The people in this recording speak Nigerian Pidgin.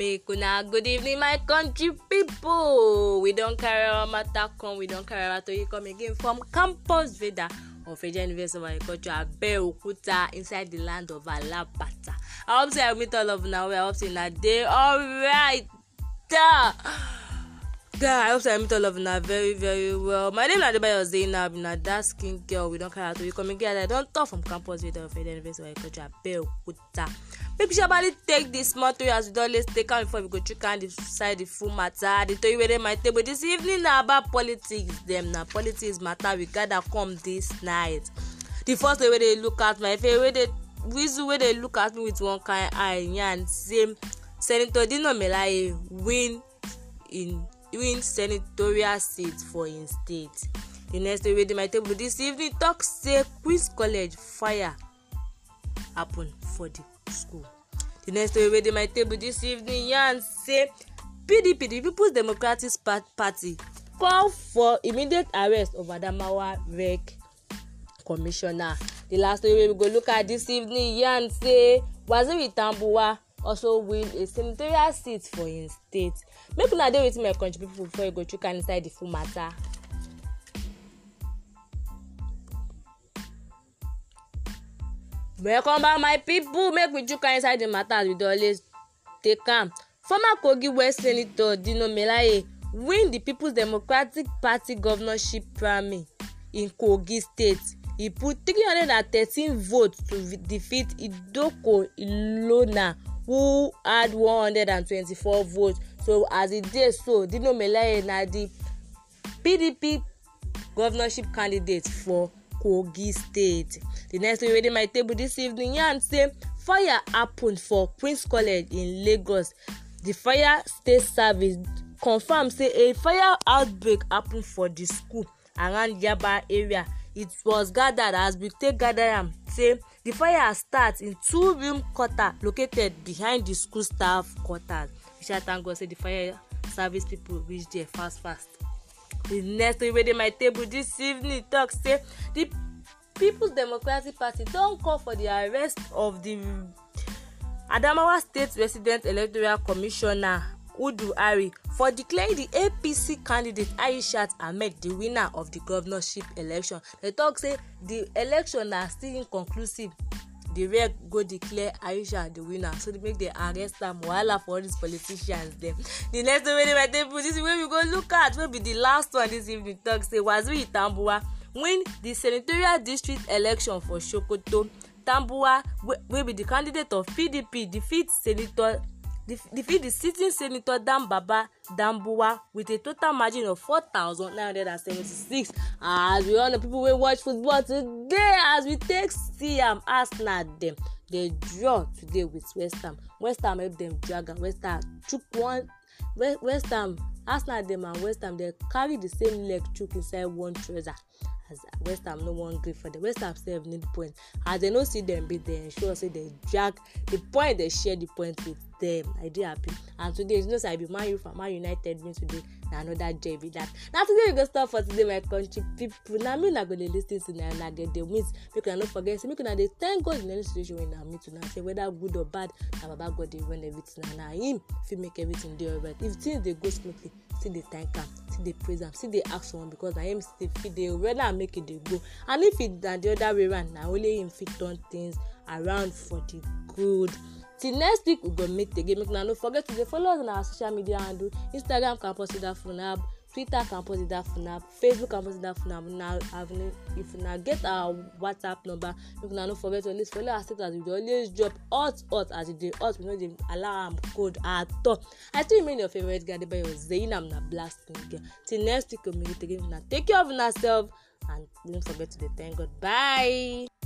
make una good evening my country people. we don carry our matter come we don carry our tori come again from campus veda of federal university of agriculture abeokuta inside the land of alabata i hope say i meet all of una well i hope say una dey alright da guy i hope say i meet all of una very very well my name na adebayo zeyina na that skin girl we don carry our tori come again as i don talk from campus veda of federal university of agriculture abeokuta make we shabali take the small tori as we don always take am before we go chook hand inside the full matter the tori wey dey my table this evening na about politics dem na politics matter we gather come this night the first tori wey dey look at my face wey dey whistle wey dey look at me with one kind eye yarn say senator dino melaye win in win senatorial seat for im state the next story wey dey my table this evening talk say queens college fire happen for the school. The next story wey dey my table this evening yarn say pdp the peoples democratic party call for immediate arrest of adamawa rec commissioner The last story wey we go look at this evening yarn say waziri tambuwa also win a senatorial seat for im state make una dey with my country people before you go chook hand inside the full matter. welcome back my pipo make we chuka inside di matter as we dey always take am former kogi west senator dino melaye win di peoples democratic party governorship primary in kogi state e put three hundred and thirteen votes to defeat idoko ilona who had one hundred and twenty-four votes so as e dey so dino melaye na di pdp governorship candidate for kogi state The next story wey dey my table this evening yarn say fire happun for Queens college in lagos The fire state service confam say a fire outbreak happun for di school around yaba area it was gathered as we take gather am say di fire start in two room quarter located behind di school staff quarters we sha thank god say di fire service pipo reach there fast fast di next story wey dey my table this evening tok say the peoples democratic party don call for the arrest of the adamawa state resident electoral commissioner udu ari for declaring the apc candidate aishat ahmed the winner of the governorship election dem tok say di election na still inconclusive di ref go declare aisha the winner so make dem arrest am wahala for all these politicians dem the next one wey dey my table this wey we go look at wey be the last one this evening talk say waziri itambuwa win di senatorial district election for sokoto tambuwa wey be di candidate of pdp defeat senator defeat the sitting senator Baba Dambuwa with a total margin of four thousand nine hundred and seventy-six. As we all know, people wey watch football today as we take see am Arsenal dem dey draw today with West Ham. West Ham help dem drag am. West Ham chook one West Ham Arsenal dem and West Ham dem carry the same leg chook inside one trouser as west ham no wan gree for them west ham sef need point as dem no see dem be dem ensure say dem drag the point dem share the point with them i dey happy and today you know say i be man u fan man united win today na another joy be that na today we go stop for today my country people na me una go dey lis ten to na una dey dey win make una no forget say make una dey thank god in any situation wey una meet una say whether good or bad na baba god dey run everything and na him fit make everything dey alright if things dey go smoothly still dey thank am still dey praise am still dey ask for am because na him still fit dey whether I make e dey grow and if it na the other way round na only him fit turn things around for the good till next week we go meet again make una no forget to dey follow us on our social media handle instagram campus cedar funab twitter can post it that now. facebook can post it that funa Now have if una get our whatsapp number make una no forget to always follow our status we dey always drop hot hot as e dey hot we no dey allow am cold at all i still remain your favorite. guy adebayo zeyinam na black skin girl till next week we meet again una take care of una sef and don't forget to dey thank god bye.